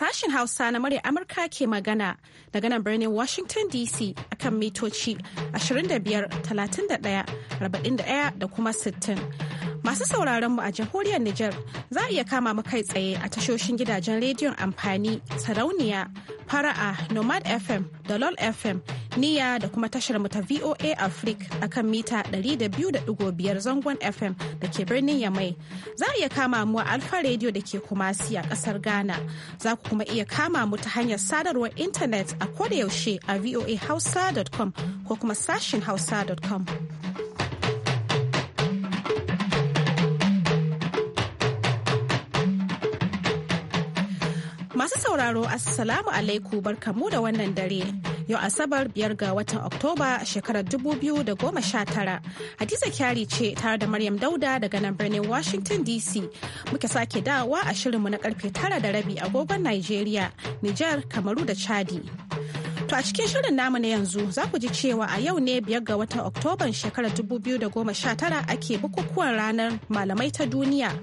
sashen Hausa na murya Amurka ke magana daga nan birnin Washington DC akan mitoci 25, 31, 41 da kuma 60. Masu sauraron mu a jamhuriyar Nijar za a iya kama mu kai tsaye a tashoshin gidajen rediyon amfani sarauniya fara'a nomad fm da lol fm niya da kuma tashar mu ta voa africa kan mita 200.5 zangon fm da ke birnin yamai za a iya kama mu a alfa radio da ke kumasi a kasar ghana za ku kuma iya kama mu ta hanyar sadarwar intanet a yaushe a voahausa.com ko kuma sashin hausa.com Masu sauraro Assalamu alaikum barkamu da wannan dare. Yau Asabar biyar ga watan Oktoba shekarar 2019. Hadiza Kyari ce tare da Maryam Dauda daga nan birnin Washington DC. Muke sake dawowa a shirinmu na karfe tara da rabi agogon Nigeria, Nijar, Kamaru da Chadi. To a cikin shirin namu na yanzu za ku ji cewa a yau ne biyar ga watan Oktoban shekarar 2019 ake bukukuwan ranar malamai ta duniya.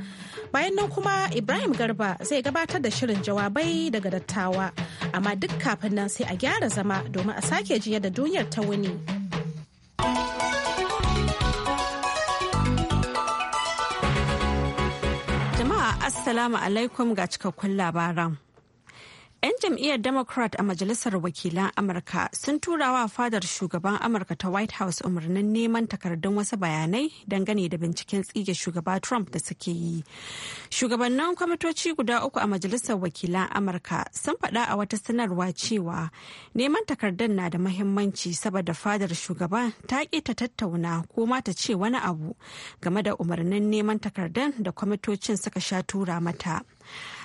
bayan nan kuma ibrahim garba zai gabatar da shirin jawabai daga dattawa amma duk kafin nan sai a gyara zama domin a sake jiya da duniyar ta wuni jama'a assalamu alaikum ga cikakkun labaran 'Yan jam'iyyar Democrat a Majalisar Wakilan Amurka sun tura wa fadar shugaban Amurka ta White House umarnin neman takardun wasu bayanai dangane da binciken tsige shugaba Trump da suke yi. Shugabannin kwamitoci guda uku a Majalisar Wakilan Amurka sun faɗa a wata sanarwa cewa neman takardun na da mahimmanci saboda fadar shugaban ta ƙi ta tattauna ko ma ta ce wani abu game da umarnin neman takardun da kwamitocin suka sha tura mata.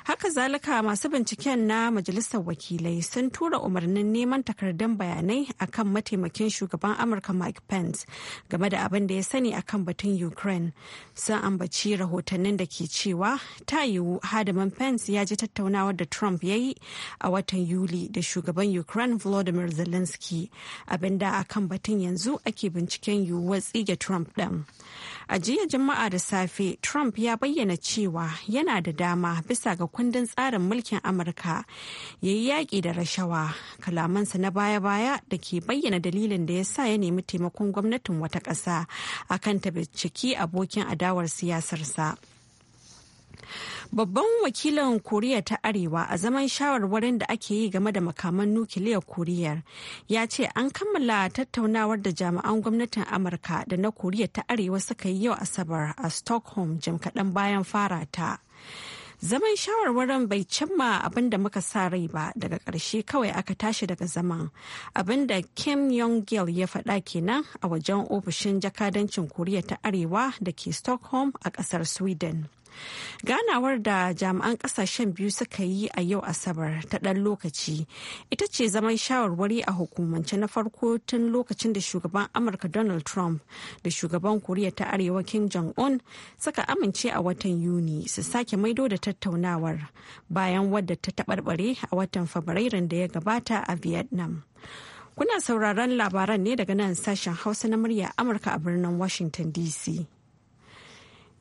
haka zalika masu binciken na majalisar wakilai sun tura umarnin neman takardun bayanai akan mataimakin shugaban amurka mike pence game da abin da ya sani akan batun ukraine sun ambaci rahotannin da ke cewa ta yiwu hadaman pence ya ji tattaunawar da trump ya yi a watan yuli da shugaban ukraine volodymyr zelensky abinda akan batun yanzu ake binciken yiwuwar tsige trump ɗin a jiya juma'a da safe trump ya bayyana cewa yana da dama bisa ga kundin tsarin mulkin amurka ya yi yaƙi da rashawa kalamansa na baya-baya da ke bayyana dalilin da ya sa ya nemi taimakon gwamnatin wata ƙasa a kan binciki abokin adawar siyasarsa. Babban wakilin Koriya ta Arewa a zaman shawarwarin da ake yi game da makaman nukiliyar Koriya ya ce an kammala tattaunawar da jami'an gwamnatin Amurka da na Koriya ta Arewa suka yi yau Asabar a Stockholm jim kaɗan bayan fara ta. zaman shawarwarin bai cimma abin da muka sa rai ba daga ƙarshe kawai aka tashi daga zaman abin da kim yong gil ya faɗa kenan a wajen ofishin jakadancin koriya ta arewa da ke stockholm a ƙasar sweden ganawar da jami'an kasashen biyu suka yi a yau asabar ta ɗan lokaci ita ce zaman shawarwari a hukumance na farko tun lokacin da shugaban amurka donald trump da shugaban koriya ta arewa kim jong-un suka amince a watan yuni su sake maido da tattaunawar bayan wadda ta taɓarɓare a watan fabrairun da ya gabata a vietnam kuna sauraron labaran ne daga nan sashen hausa na murya amurka a birnin washington dc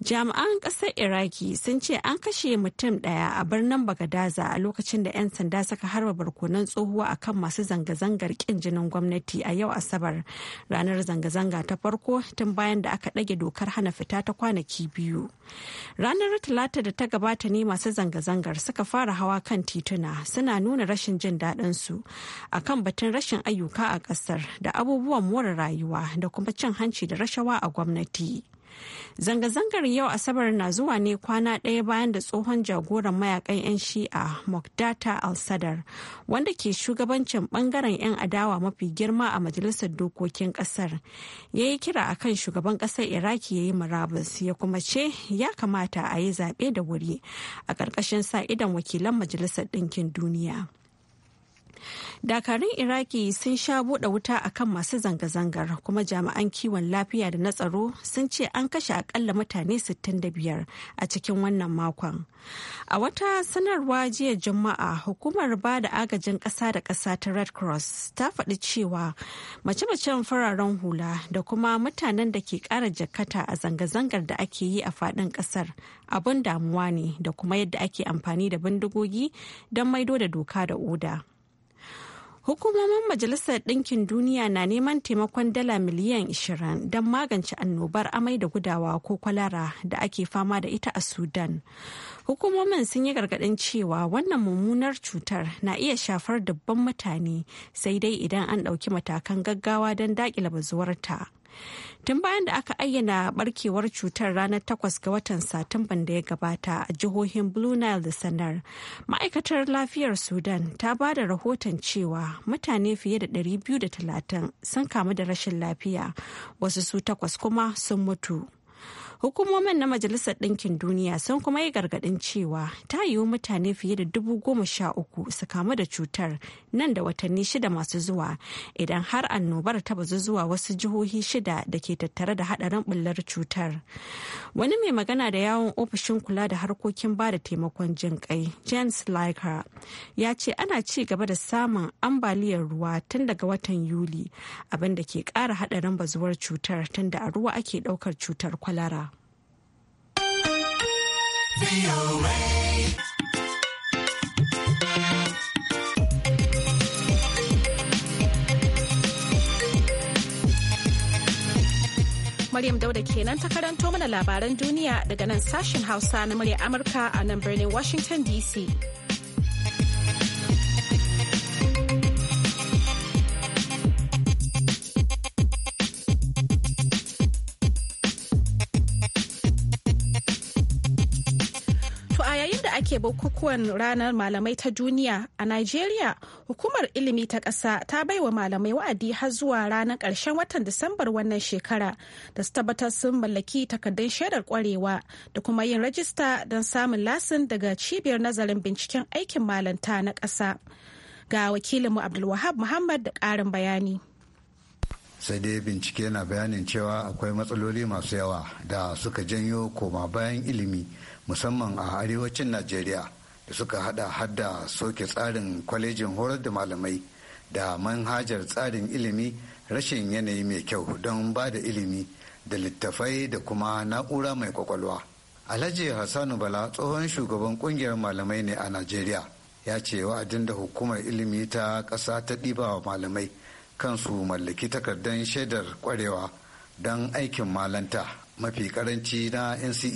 jami'an ƙasar iraki sun ce an kashe mutum ɗaya a birnin bagadaza a lokacin da 'yan sanda suka harba barkonan tsohuwa a kan masu zanga-zangar ƙin jinin gwamnati a yau asabar ranar zanga-zanga ta farko tun bayan da aka ɗage dokar hana fita ta kwanaki biyu ranar talata da ta gabata ne masu zanga-zangar suka fara hawa kan tituna suna nuna rashin jin daɗin su akan batun rashin ayyuka a ƙasar da abubuwan more rayuwa da kuma cin hanci da rashawa a gwamnati. Zanga-zangar yau Asabar na zuwa ne kwana ɗaya bayan da tsohon jagoran mayakan 'yan shi'a Mokdata al-Sadar wanda ke shugabancin bangaren 'yan adawa mafi girma a majalisar dokokin ƙasar. Ya yi kira a kan shugaban ƙasar Iraki ya yi murabus ya kuma ce ya kamata a yi zaɓe da wuri a ƙarƙashin sa idan wakilan majalisar ɗinkin duniya. dakarun iraki sun sha bude wuta akan masu zanga-zangar kuma jami'an kiwon lafiya da na tsaro sun ce an kashe akalla mutane 65 a cikin wannan makon a wata sanarwa jiya juma'a hukumar ba da agajin kasa da kasa ta red cross ta faɗi cewa mace-macen fararen hula da kuma mutanen da ke ƙara jakata a zanga-zangar da ake yi a faɗin ƙasar abin damuwa ne da kuma yadda ake amfani da bindigogi don maido da doka da oda. Hukumomin Majalisar Ɗinkin Duniya na neman taimakon dala miliyan 20 don magance annobar amai da gudawa ko kwalara da ake fama da ita a Sudan. Hukumomin sun yi gargaɗin cewa wannan mummunar cutar na iya shafar dubban mutane sai dai idan an ɗauki matakan gaggawa don daƙile bazuwarta. Tun bayan da aka ayyana barkewar cutar ranar takwas ga watan Satumban da ya gabata a jihohin Blue Nile da Sanar, ma'aikatar lafiyar Sudan ta ba da rahoton cewa mutane fiye da 230 sun kamu da rashin lafiya, wasu su takwas kuma sun mutu. Hukumomin na Majalisar Ɗinkin Duniya sun kuma yi gargaɗin cewa ta yiwu mutane fiye da dubu goma sha uku su kamu da cutar nan da watanni shida masu zuwa idan har annobar ta bazu zuwa wasu jihohi shida da ke tattare da haɗarin ɓullar cutar. Wani mai magana da yawon ofishin kula da harkokin ba da taimakon jin kai James Liker ya ce ana ci gaba da samun ambaliyar ruwa tun daga watan Yuli abinda ke ƙara haɗarin bazuwar cutar tun da a ruwa ake ɗaukar cutar kwalara. Maryam Dauda kenan ta karanto mana labaran duniya daga nan sashen Hausa na murya Amurka a nan birnin Washington DC. ake bukukuwan ranar malamai ta duniya a Najeriya, hukumar ilimi ta ƙasa ta baiwa malamai wa'adi har zuwa ranar ƙarshen watan Disambar wannan shekara da su tabbatar sun mallaki takardun shaidar ƙwarewa da kuma yin rajista don samun lasin daga cibiyar nazarin binciken aikin malanta na ƙasa. Ga wakilinmu Abdulwahab Muhammad da ƙarin bayani. sai dai bincike na bayanin cewa akwai matsaloli masu yawa da suka janyo koma bayan ilimi musamman a arewacin najeriya da suka hada hadda soke tsarin kwalejin horar da malamai da manhajar tsarin ilimi rashin yanayi mai kyau don ba da ilimi da littafai da kuma na'ura mai kwakwalwa alhaji hassanu bala tsohon shugaban kungiyar malamai ne a najeriya ya ce wa'adin da hukumar ilimi ta ƙasa ta ɗiba wa malamai kansu mallaki takardar shaidar kwarewa don aikin malanta mafi karanci na nce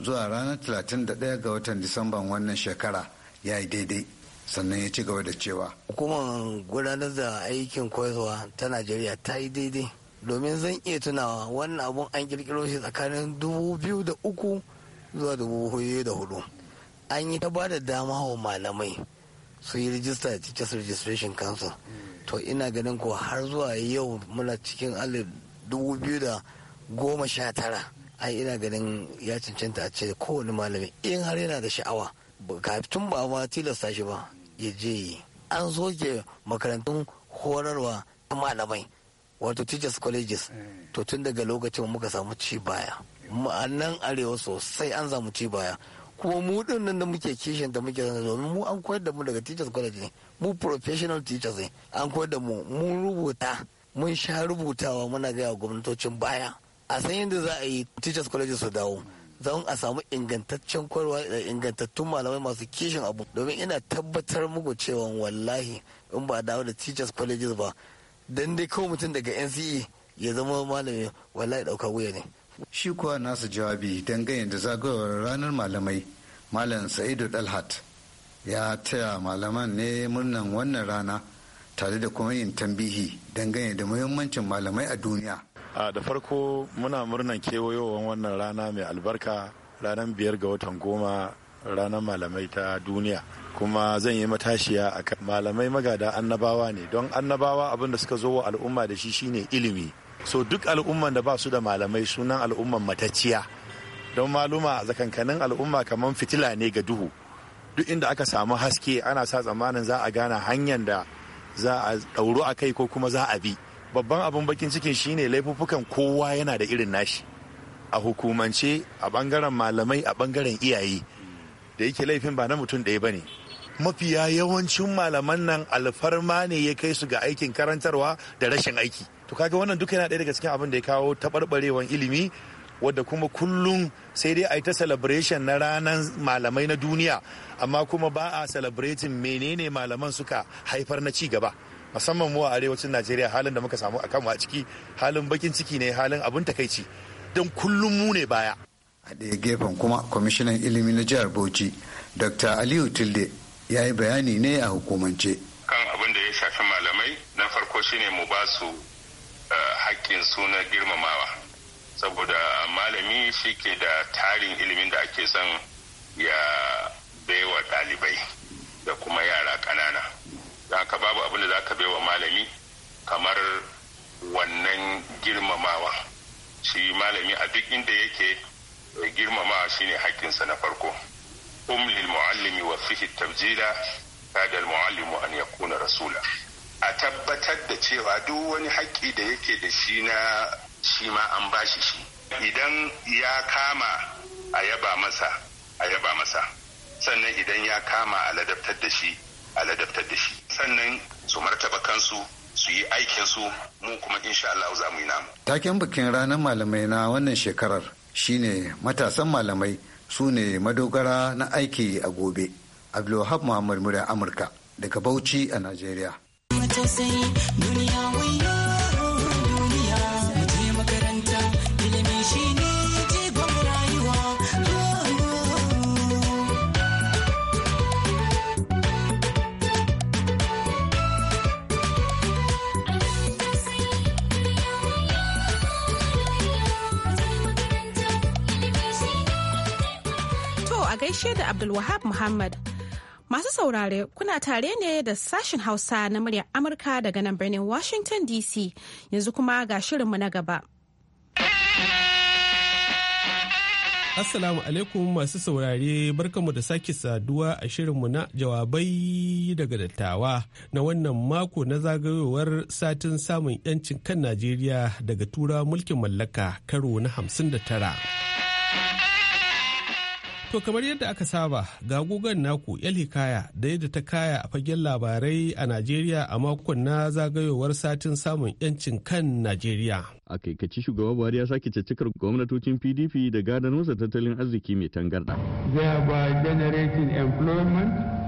zuwa ranar 31 ga watan disamban wannan shekara ya yi daidai sannan ya ci gaba da cewa hukumar gudanar da aikin koyarwa ta najeriya ta yi daidai domin zan iya tunawa wannan abun an kirkiro shi tsakanin uku zuwa hudu an yi ta ba da dama wa malamai su yi rijista teachers registration council to ina ganin ko har zuwa yau muna cikin alif dubu biyu da goma sha tara ai ina ganin ya cancanta a ce kowane malami in har yana da sha'awa tun ba ma tilasta shi ba ya je yi an soke makarantun horarwa ta malamai wato teachers colleges eh. to tun daga lokacin muka samu ci baya ma'anan arewa sosai an samu ci baya kuma mu din nan da muke kishin da muke zana domin mu an koyar da mu daga teachers college ne mu professional teachers ne an koyar da mu mun rubuta mun sha rubutawa muna gaya gwamnatocin baya a san yadda za a yi teachers college su dawo don a samu ingantaccen kwarwa da ingantattun malamai masu kishin abu domin ina tabbatar muku cewa wallahi in ba dawo da teachers colleges ba don dai kawai mutum daga nce ya zama malami wallahi dauka wuya ne shi kuwa nasu jawabi dangane da zagayowar ranar malamai malam sa'idu dalhat ya taya malaman ne murnan wannan rana tare da kuma yin tambihi dangane da muhimmancin malamai a duniya da farko muna murnan kewayowar wannan rana mai albarka ranar biyar ga watan goma ranar malamai ta duniya kuma zan yi matashiya a malamai magada annabawa ne don annabawa abin da suka zo wa al'umma da shi shine ilimi so duk al'umman da ba su da malamai sunan al'umman mataciya don maluma zakankanin al'umma kamar fitila ne ga duhu duk inda aka samu haske ana sa tsammanin za a gane hanyar da za a ɗauru a kai ko kuma za a bi babban abin bakin cikin shine laifuffukan kowa yana da irin nashi a hukumance a bangaren malamai a bangaren iyaye da yake laifin ba na mutum ɗaya ba ne mafiya yawancin malaman nan alfarma ne ya kai su ga aikin karantarwa da rashin aiki to kaga wannan duka yana ɗaya daga cikin abin da ya kawo taɓarɓarewan ilimi wadda kuma kullum sai dai a yi ta celebration na ranar malamai na duniya amma kuma ba a celebrating menene malaman suka haifar na ci gaba musamman mu a arewacin najeriya halin da muka samu a kanmu a ciki halin bakin ciki ne halin abun takaici don kullum mu ne baya a ɗaya gefen kuma kwamishinan ilimi na jihar bauchi dr aliyu tilde ya yi bayani ne a hukumance kan abin da ya shafi malamai na farko shine mu ba su eh, hakkin suna girmamawa saboda malami shi ke da tarin ilimin da ake son ya baiwa ɗalibai da kuma yara ƙanana da ka babu abin da za ka baiwa malami kamar wannan girmamawa shi malami a duk inda yake eh, girmamawa shine haƙƙinsa na farko um muallimi wa fihi tabjila kada al muallimu an yakuna rasula a tabbatar da cewa duk wani haƙƙi da yake da shi na shi ma an bashi shi idan ya kama a yaba masa a yaba masa sannan idan ya kama a ladabtar da shi a ladabtar da shi sannan su martaba kansu su yi aikin su mu kuma insha Allah za mu yi namu. Taken bikin ranar malamai na wannan shekarar shine matasan malamai su ne madogara na aiki a gobe. Abdulwahab Muhammad Murya Amurka daga Bauchi a Najeriya. gaishe da Abdulwahab Muhammad. Masu saurare kuna tare ne da sashen Hausa na muryar Amurka daga nan birnin Washington DC yanzu kuma ga shirinmu na gaba. Assalamu alaikum masu saurare barkanmu da sake saduwa a shirinmu na jawabai daga dattawa na wannan mako na zagayowar satin samun 'yancin kan Najeriya daga tura mulkin mallaka karo na 59. To kamar yadda aka saba ga gugan naku hikaya da yadda ta kaya a fagen labarai a Najeriya a makon na zagayowar satin samun 'yancin kan Najeriya. A kaikaci shugaba Buhari ya sake cicikar gwamnatocin PDP da wasa tattalin arziki mai tangarda. by generating employment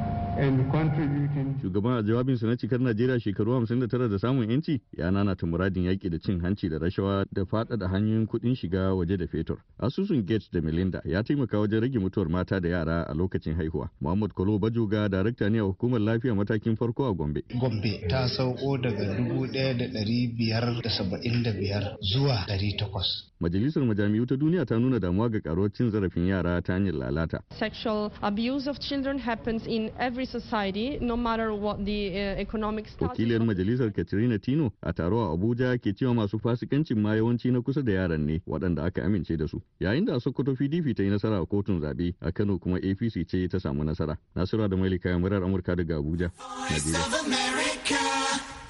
Shugaban a jawabinsa na cikar Najeriya shekaru 59 da samun yanci ya nanata muradin yaƙi da cin hanci da rashawa da faɗaɗa hanyoyin kuɗin shiga waje da fetur. Asusun Gates da Melinda ya taimaka wajen rage mutuwar mata da yara a lokacin haihuwa. Muhammad Kolo Bajoga darakta ne a hukumar lafiya matakin farko a Gombe. Gombe ta sauko daga 1,575 zuwa 800. Majalisar Majami'u ta Duniya ta nuna damuwa ga karuwar cin zarafin yara ta hanyar lalata. Sexual abuse of children happens in every society, no the uh, economic status. Wakiliyar majalisar Katrina Tino a taro a Abuja ke cewa masu fasikancin ma yawanci na kusa da yaran ne waɗanda aka amince da su. Yayin da Sokoto PDP ta yi nasara a kotun zaɓe a Kano kuma APC ce ta samu nasara. Nasura da Malika murar Amurka daga Abuja.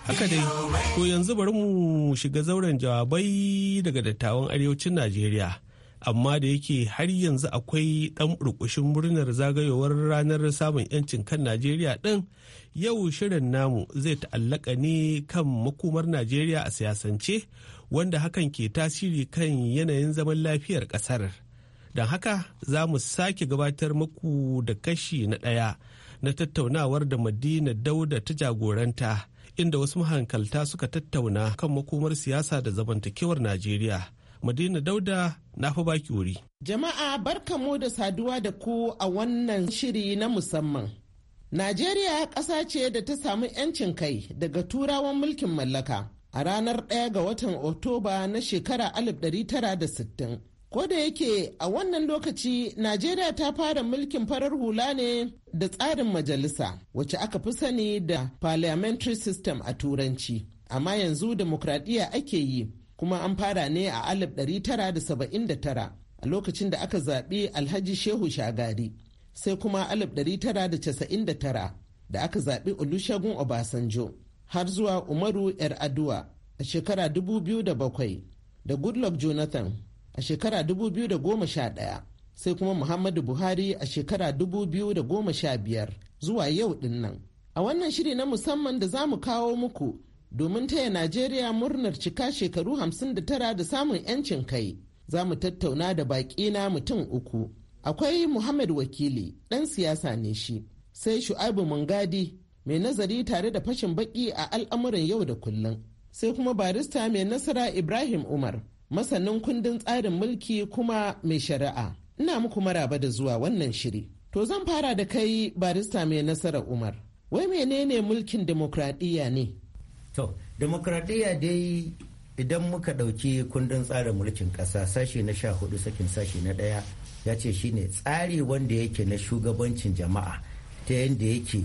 Haka dai, to yanzu bari mu shiga zauren jawabai daga dattawan arewacin Najeriya. amma da yake har yanzu akwai ɗan burkushin murnar zagayowar ranar samun 'yancin kan najeriya ɗin yau shirin namu zai ta'allaka ne kan makomar najeriya a siyasance wanda hakan ke tasiri kan yanayin zaman lafiyar ƙasar don haka za mu sake gabatar muku da kashi na ɗaya na tattaunawar da madina dauda ta jagoranta inda wasu mahankalta suka tattauna kan makomar siyasa da zamantakewar najeriya Madina Dauda na fi baki wuri. Jama'a barkamu da saduwa da ku a wannan shiri na musamman. Najeriya ƙasa ce da ta samu 'yancin kai daga turawan mulkin mallaka a ranar 1 ga watan Oktoba na shekara 1960. Ko da yake a wannan lokaci Najeriya ta fara mulkin farar hula ne da tsarin majalisa wacce aka fi sani da parliamentary system a turanci. Amma yanzu demokradiyya ake yi kuma an fara ne a 1979 a lokacin da aka zaɓi alhaji shehu shagari sai kuma 1999 da aka zaɓi olusegun obasanjo har zuwa umaru yar aduwa a shekara 2007 da goodluck jonathan a shekara 2011 sai kuma muhammadu buhari a shekara 2015 zuwa yau dinnan. a wannan shiri na musamman da za mu kawo muku domin taya Najeriya murnar cika shekaru 59 da samun 'yancin kai. Za mu tattauna da baƙi na mutum uku. Akwai Muhammad Wakili, ɗan siyasa ne shi, sai Shu'aibu Mungadi, mai nazari tare da fashin baƙi a al'amuran yau da kullum. Sai kuma barista mai nasara Ibrahim Umar, masanin kundin tsarin mulki kuma mai shari'a. Ina muku maraba da zuwa wannan shiri. To zan fara da kai barista mai nasara Umar. Wai menene mulkin demokradiyya ne? to demokradiyya dai idan muka ɗauki kundin tsarin mulkin ƙasa sashe na sha hudu sakin sashe na ɗaya ya ce shi ne tsari wanda yake na shugabancin jama'a ta yadda yake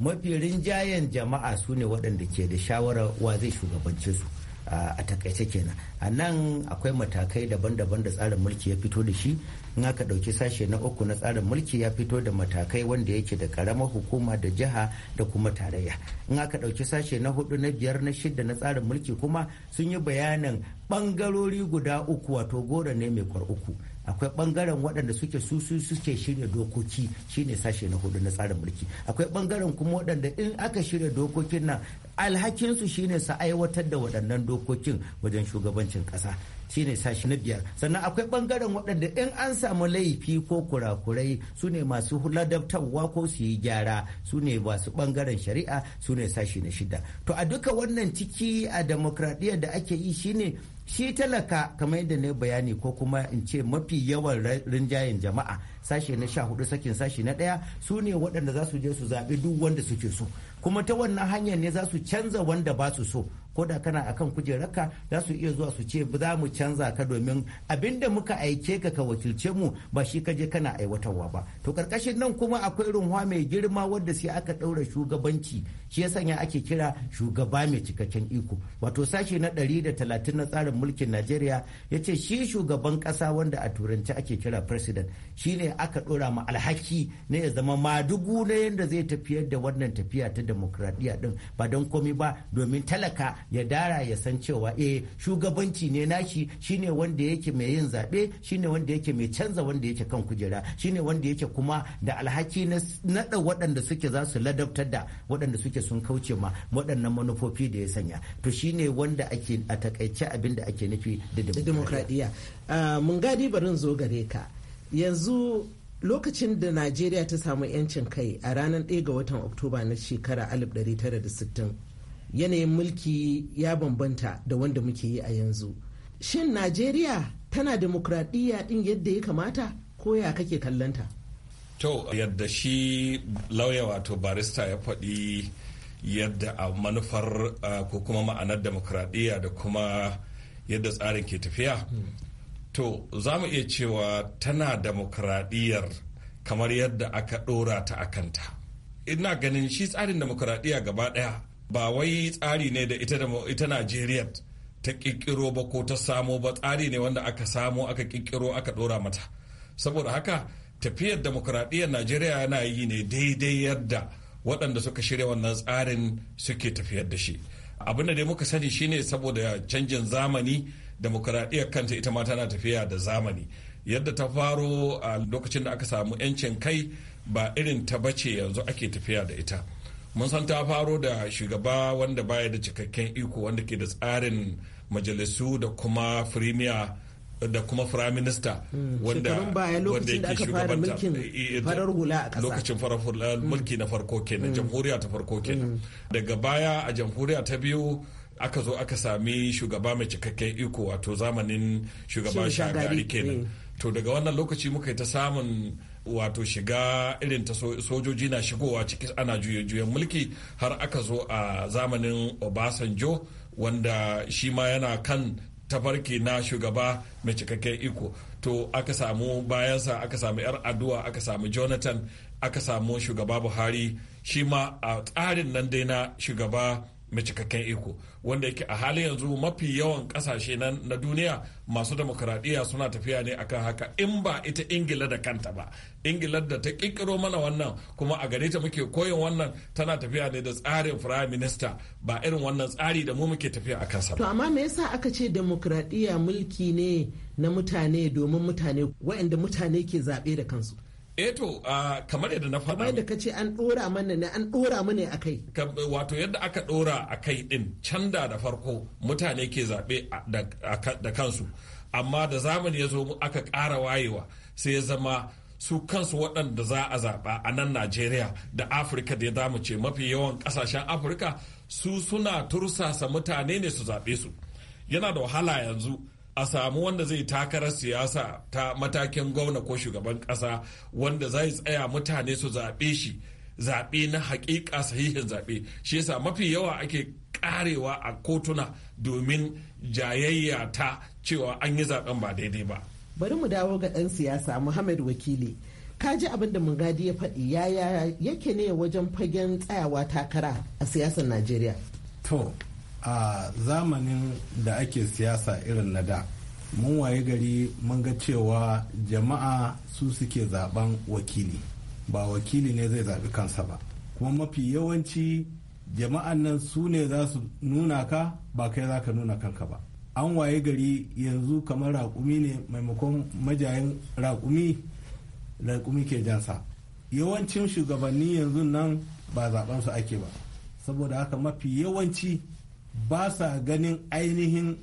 mafi rinjayen jama'a su ne waɗanda ke da shawara wa zai shugabanci su a takaice kenan a nan akwai matakai daban-daban da tsarin mulki ya fito da shi in aka ɗauki sashe na uku na tsarin mulki ya fito da matakai wanda yake da karamar hukuma da jiha da kuma tarayya in aka ɗauki sashe na hudu na biyar na shida na tsarin mulki kuma sun yi bayanin ɓangarori guda uku wato goro ne mai kwar uku akwai bangaren waɗanda suke su suke shirya dokoki shine sashe na hudu na tsarin mulki akwai bangaren kuma waɗanda in aka shirya dokokin nan alhakinsu shine su aiwatar da waɗannan dokokin wajen shugabancin ƙasa shine sashi na biyar sannan akwai ɓangaren waɗanda in an samu laifi ko kurakurai su ne masu ladabtarwa ko su yi gyara su ne masu ɓangaren shari'a su ne sashi na shida to a duka wannan ciki a demokradiyyar da ake yi shine shi talaka kamar yadda na bayani ko kuma in ce mafi yawan rinjayen jama'a sashe na sha hudu sakin sashe na ɗaya su ne waɗanda za su je su zaɓi duk wanda suke so kuma ta wannan hanyar ne za su canza wanda ba su so ko da kana akan kujerarka za su iya zuwa su ce za mu canza ka domin abinda muka aike ka ka wakilce mu ba shi ka je kana aiwatarwa ba to karkashin nan kuma akwai runwa mai girma wadda sai aka ɗaura shugabanci shi ya sanya ake kira shugaba mai cikakken iko wato sashi na da talatin na tsarin mulkin Najeriya ya ce shi shugaban ƙasa wanda a turanci ake kira president shine aka ɗora ma alhaki ne ya zama madugu na yadda zai tafiyar da wannan tafiya ta demokradiyya din ba don komi ba domin talaka ya dara ya san cewa eh shugabanci ne nashi shine wanda yake mai yin zaɓe shine wanda yake mai canza wanda yake kan kujera shine wanda yake kuma da alhaki na nada waɗanda suke za su ladabtar da waɗanda suke sun kauce ma waɗannan manufofi da ya sanya to shine wanda ake a takaice abin da ake nufi da demokradiyya ah, mun gadi barin zo gare ka yanzu lokacin da najeriya ta samu 'yancin kai a ranar 1 ga watan oktoba na shekara 1960 yanayin mulki ya bambanta da wanda muke yi a yanzu shin najeriya tana demokradiyya din yadda ya kamata ko ya kake kallanta to yadda shi lauya wato barista ya faɗi yadda a manufar ko kuma ma'anar demokradiyya da kuma yadda tsarin ke tafiya to za mu iya cewa tana demokradiyyar kamar yadda aka ɗora ta a kanta ina ganin shi tsarin demokradiyya gaba ɗaya ba wai tsari ne da ita najeriya ta ƙirƙiro ba ko ta samo ba tsari ne wanda aka samo aka ƙirƙiro aka ɗora mata saboda haka tafiyar demokuraɗiyyar najeriya yana yi ne daidai yadda waɗanda suka shirya wannan tsarin suke tafiyar da shi abin da dai muka sani shine saboda canjin zamani demokuraɗiyyar kanta ita ma tana tafiya da zamani yadda ta faro a lokacin da aka samu 'yancin kai ba irin ta bace yanzu ake tafiya da ita mun san ta faro da shugaba wanda baya da cikakken iko wanda ke da tsarin majalisu da kuma firimiya da kuma prime minista. Hmm. wanda yake shugabanta eh, eh, eh, lokacin farar hula hmm. mulki na farko kenan hmm. jamhuriya ta farko kenan daga baya a jamhuriya ta biyu aka zo aka sami shugaba mai cikakken iko wato zamanin shugaba shagari kenan to daga wannan lokaci muka yi ta samun wato shiga irin ta sojoji na shigowa ciki ana juye-juyen mulki har aka zo a zamanin obasanjo wanda shi ma yana kan tafarki na shugaba mai cikakken iko to aka samu bayansa aka samu yar addu'a aka samu jonathan aka samu shugaba buhari shi ma a tsarin nan dai na shugaba mai cikakken iko wanda yake a halin yanzu mafi yawan kasashe na duniya masu demokaradiyya suna tafiya ne akan haka in ba ita ingila da kanta ba ingila da ta kirkiro mana wannan kuma a gare ta muke koyon wannan tana tafiya ne da tsarin prime minister ba irin wannan tsari da mu muke tafiya a kansa to amma me yasa aka ce demokaradiyya mulki ne na mutane domin mutane waɗanda mutane ke zaɓe da kansu eto eh kamar yadda na faɗa kamar yadda kace an ɗora mana ne an ɗora mana a kai wato yadda aka ɗora a kai din canda da farko mutane ke zaɓe da kansu amma da zamani ya zo aka ƙara wayewa sai ya zama su kansu waɗanda za a zaɓa a nan najeriya da afirka da ya damu ce mafi yawan ƙasashen afirka su suna tursasa mutane ne su zaɓe su yana da wahala yanzu a samu wanda zai takara siyasa ta matakin gwamna ko shugaban kasa wanda zai tsaya mutane su zaɓe shi zaɓe na hakika sahihin zaɓe shi yasa mafi yawa ake karewa a kotuna domin jayayya ta cewa an yi zaɓen ba daidai ba bari mu dawo ga ɗan siyasa muhammad wakili ka ji abin da mungadi ya faɗi yaya yake ne wajen fagen tsayawa takara a siyasar najeriya to a zamanin da ake siyasa irin na da mun waye gari mun ga cewa jama'a su suke zaben wakili ba wakili ne zai zaɓi kansa ba kuma mafi yawanci jama'an nan su ne za su nuna ka ba kai za ka nuna kanka ba an waye gari yanzu kamar raƙumi ne maimakon majayin raƙumi raƙumi ke jansa yawancin shugabanni yanzu nan ba zaɓensu ake ba saboda haka mafi yawanci ba sa ganin ainihin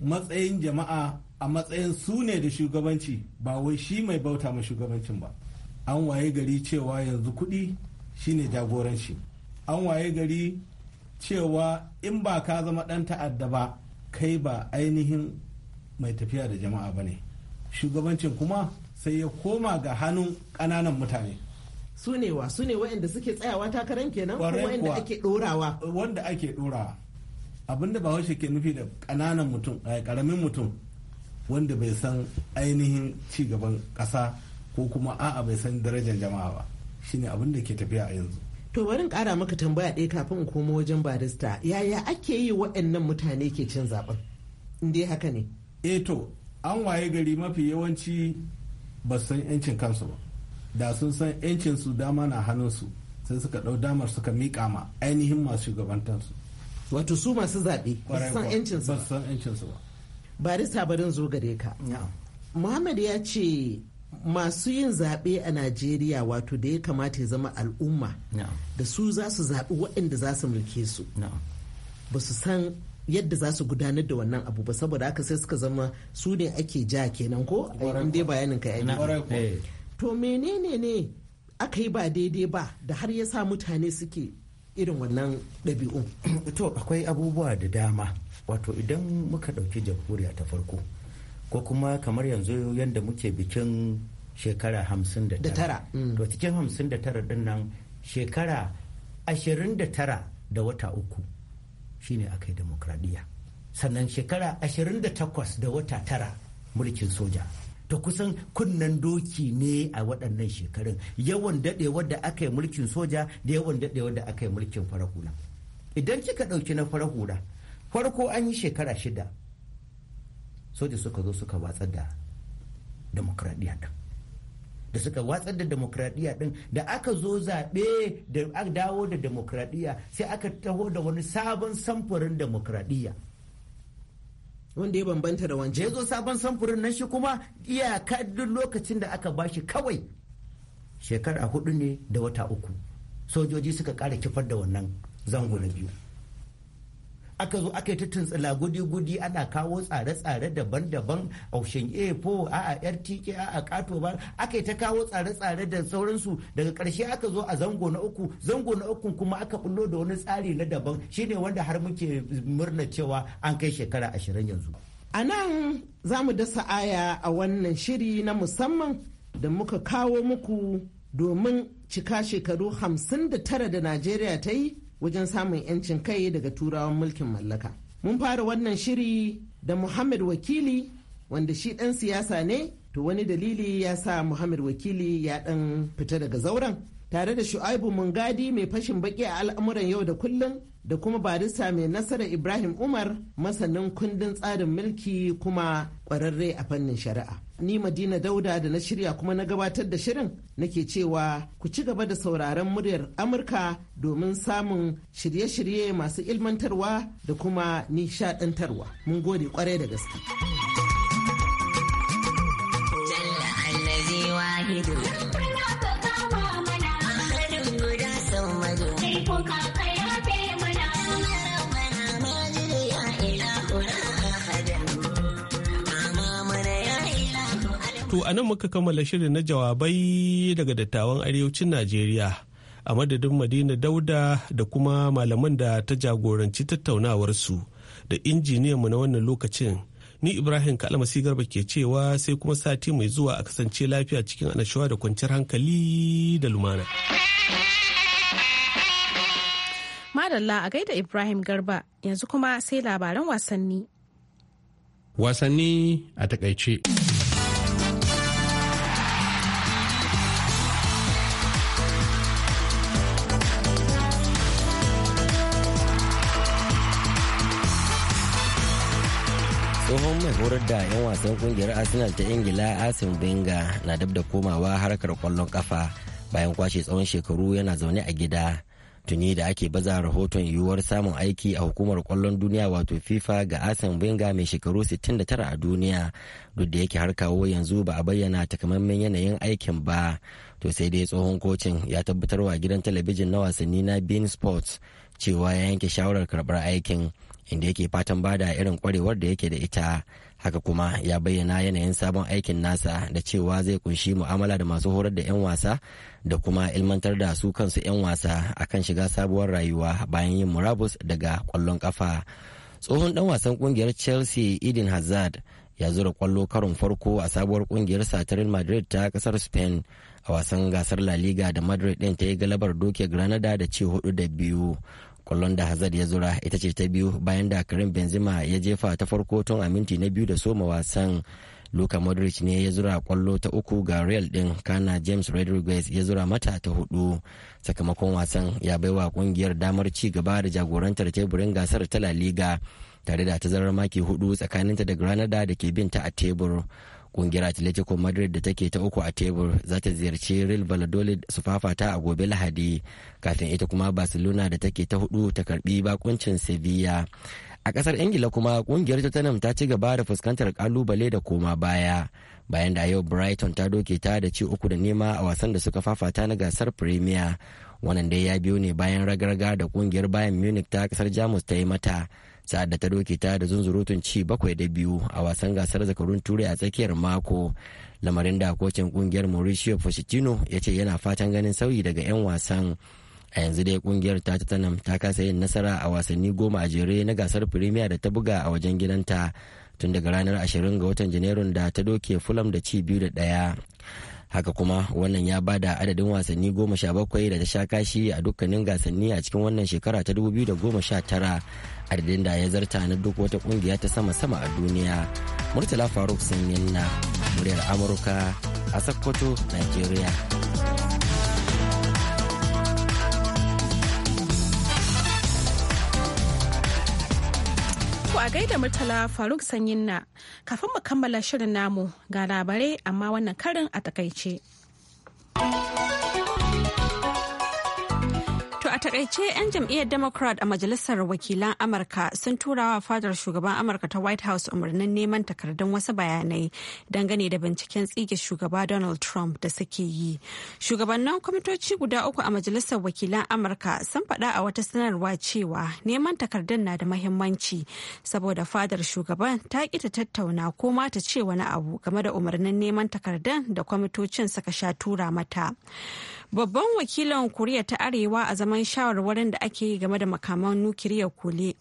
matsayin jama'a a matsayin su ne da shugabanci ba wai shi mai bauta ma shugabancin ba an waye gari cewa yanzu kuɗi shi ne jagoranci an waye gari cewa in ba ka zama ɗan ta'adda ba kai ba ainihin mai tafiya da jama'a ba ne shugabancin kuma sai ya koma ga hannun ƙananan mutane su ne wa waɗanda suke tsayawa takarar kenan kuma waɗanda ake ɗorawa wanda ake ɗorawa abinda ba washe ke nufi da ƙananan mutum a eh, ƙaramin mutum wanda bai san ainihin cigaban gaban ƙasa ko kuma a'a bai san darajar jama'a ba shine abin ke tafiya a yanzu to bari ƙara maka tambaya ɗaya kafin in komo wajen barista yaya ake yi waɗannan mutane ke cin zaɓen in ya haka ne eh to an waye gari mafi yawanci ba san yancin kansu ba da sun san yancin su dama na hannunsu sai suka ɗau damar suka miƙa ma ainihin masu shugabantansu wato su masu zaɓe ba san yancinsu ba barista barin zo gare ka muhammad ya ce masu yin zaɓe a najeriya wato da ya kamata ya zama al'umma da su za su zaɓi waɗanda za su mulke su ba su san yadda za su gudanar da wannan abu ba saboda haka sai suka zama su ne ake ja kenan ko a dai bayanin ka to menene ne aka yi ba daidai ba da har ya sa mutane suke irin wannan ɗabi'u to akwai abubuwa da dama wato idan muka ɗauki jamhuriya ta farko ko kuma kamar yanzu yadda muke bikin shekara hamsin da tara mm. to cikin hamsin da tara din nan shekara ashirin da tara da wata uku shine aka yi sannan shekara ashirin da takwas da wata tara mulkin soja ta kusan kunnen doki ne a waɗannan shekarun yawan daɗewar da aka yi mulkin soja da yawan daɗewar da aka yi mulkin farahuna idan kika ɗauki na farahuna farko an yi shekara shida soja suka zo suka watsar da demokradiyya ɗin da suka watsar da demokradiyya din da aka zo zaɓe da dawo da demokradiyya sai aka taho da wani sabon samfurin demokradiyya wanda ya bambanta da wancan. ya zo sabon samfurin nan shi kuma iyaka duk lokacin da aka bashi kawai shekara hudu ne da wata uku sojoji suka kara kifar da wannan zango na biyu aka zo aka yi ta tuntsila gudi-gudi ana kawo tsare-tsare daban-daban aushen a4 a rtk a kato ba aka yi ta kawo tsare-tsare da sauransu daga karshe aka zo a zango na uku zango na uku kuma aka bullo da wani tsari na daban shine wanda har muke murna cewa an kai shekara ashirin yanzu a nan za mu dasa aya a wannan shiri na musamman da muka kawo muku domin cika shekaru hamsin da tara da najeriya ta yi wajen samun 'yancin kai daga turawan mulkin mallaka. Mun fara wannan shiri da Muhammad Wakili wanda shi ɗan siyasa ne to wani dalili ya sa Muhammad Wakili ya ɗan fita daga zauren. Tare da Shu'aibu Mungadi mai fashin baki a al'amuran yau da kullum da kuma barista mai nasara Ibrahim Umar masanin kundin tsarin mulki kuma kwararre a fannin shari'a. Ni Madina Dauda da na shirya kuma na gabatar da shirin nake cewa ku ci gaba da sauraron muryar Amurka domin samun shirye-shirye masu ilmantarwa da kuma nishadantarwa. Mun gode kwarai da gaske. Jalla a nan muka kammala shirin na jawabai daga dattawan arewacin Najeriya a madadin Madina Dauda da kuma malaman da ta jagoranci tattaunawarsu da mu na wannan lokacin. Ni Ibrahim Kalmasi Garba ke cewa sai kuma sati mai zuwa a kasance lafiya cikin annashuwa da kwanciyar hankali da lumana. Madalla a gaida Ibrahim Garba yanzu kuma sai labaran wasanni. Wasanni a takaice. tsohon mai horar da 'yan wasan kungiyar arsenal ta ingila asin benga na dab da komawa harkar kwallon kafa bayan kwashe tsawon shekaru yana zaune a gida tuni da ake baza rahoton yiwuwar samun aiki a hukumar kwallon duniya wato fifa ga asin benga mai shekaru 69 a duniya duk da yake har yanzu ba a bayyana takamaiman yanayin aikin ba to sai dai tsohon kocin ya tabbatar wa gidan talabijin na wasanni na bean sports cewa ya yanke shawarar karɓar aikin inda yake fatan bada irin kwarewar da yake da ita haka kuma ya bayyana yanayin sabon aikin nasa da cewa zai kunshi mu'amala da masu horar da 'yan wasa da kuma ilmantar da su kansu 'yan wasa akan shiga sabuwar rayuwa bayan yin murabus daga kwallon kafa tsohon dan wasan kungiyar chelsea eden hazard ya zura kwallo karon farko a sabuwar kungiyar satirin madrid ta kasar spain a wasan gasar la liga da madrid din ta yi galabar doke granada da ce hudu da biyu kwallon da hazard ya zura ita ce ta biyu bayan da karim benzema ya jefa ta farko tun a minti na biyu da soma wasan luka modric ne ya zura kwallo ta uku ga real din kana james rodriguez ya zura mata ta hudu sakamakon wasan ya baiwa kungiyar damar ci gaba da jagorantar teburin gasar ta la liga tare da tazarar maki hudu tsakaninta da granada da ke binta a tebur kungiyar atletico madrid da take ta uku a tebur za ta ziyarci real valladolid su fafata a gobe lahadi kafin ita kuma barcelona da take ta hudu ta karbi bakuncin sevilla a kasar ingila kuma kungiyar tottenham ta ci gaba da fuskantar kalubale da koma baya bayan da yau brighton ta doke ta da ci uku da nema a wasan da suka fafata na gasar premier wannan dai ya biyo ne bayan ragarga da kungiyar bayan munich ta kasar jamus ta yi mata sa'ad da ta doke ta da zunzurutun ci bakwai da biyu a wasan gasar zakarun turai a tsakiyar mako lamarin da kocin kungiyar mauricio pochettino ya ce yana fatan ganin sauyi daga 'yan wasan a yanzu dai kungiyar ta tottenham ta kasa yin nasara a wasanni goma a jere na gasar firimiya da ta buga a wajen gidanta tun daga ranar 20 ga watan janairun da ta doke fulham da ci biyu da daya haka kuma wannan ya bada adadin wasanni goma sha bakwai da ta sha kashi a dukkanin gasanni a cikin wannan shekara ta 2019 adadin da ya zarta na duk wata kungiya ta sama-sama a duniya murtala faruk sanyin na muryar amurka a sokoto nigeria a gaida murtala faruk sanyin na kafin mu kammala shirin namu ga labarai amma wannan karin a takaice. takaice 'yan jam'iyyar democrat a majalisar wakilan amurka sun tura wa fadar shugaban amurka ta white house umarnin neman takardun wasu bayanai dangane da binciken tsige shugaba donald trump da suke yi shugabannin kwamitoci guda uku a majalisar wakilan amurka sun faɗa a wata sanarwa cewa neman takardun na da mahimmanci saboda fadar shugaban ta ki ta tattauna ko ma ta ce wani abu game da umarnin neman takardun da kwamitocin suka sha tura mata Babban wakilin Koriya ta Arewa a zaman shawarwarin da ake yi game da makaman nukiliyar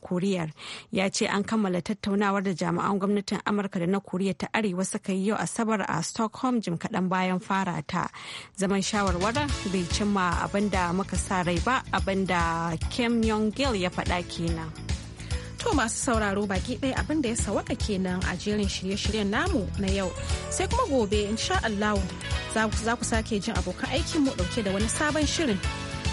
Koriyar ya ce an kammala tattaunawar da jami'an gwamnatin Amurka da na Koriya ta Arewa suka yi yau Asabar a Stockholm jim kaɗan bayan fara ta. Zaman shawarwarin bai cimma abin da muka sa rai ba abin da Kim Jong-gil ya faɗa kenan. To masu sauraro baki ɗaya abin da ya sawaka kenan a jerin shirye-shiryen namu na yau. Sai kuma gobe insha Allah za ku sake jin abokan aikin mu ɗauke da wani sabon shirin.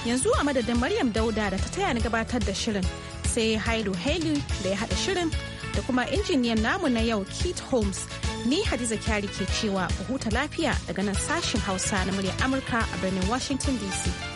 Yanzu a madadin Maryam Dauda da ta taya ni gabatar da shirin sai Hailu Hailu da ya haɗa shirin da kuma injiniyan namu na yau Keith Holmes. Ni Hadiza Kyari ke cewa ku huta lafiya daga nan sashin Hausa na muryar Amurka a birnin Washington DC.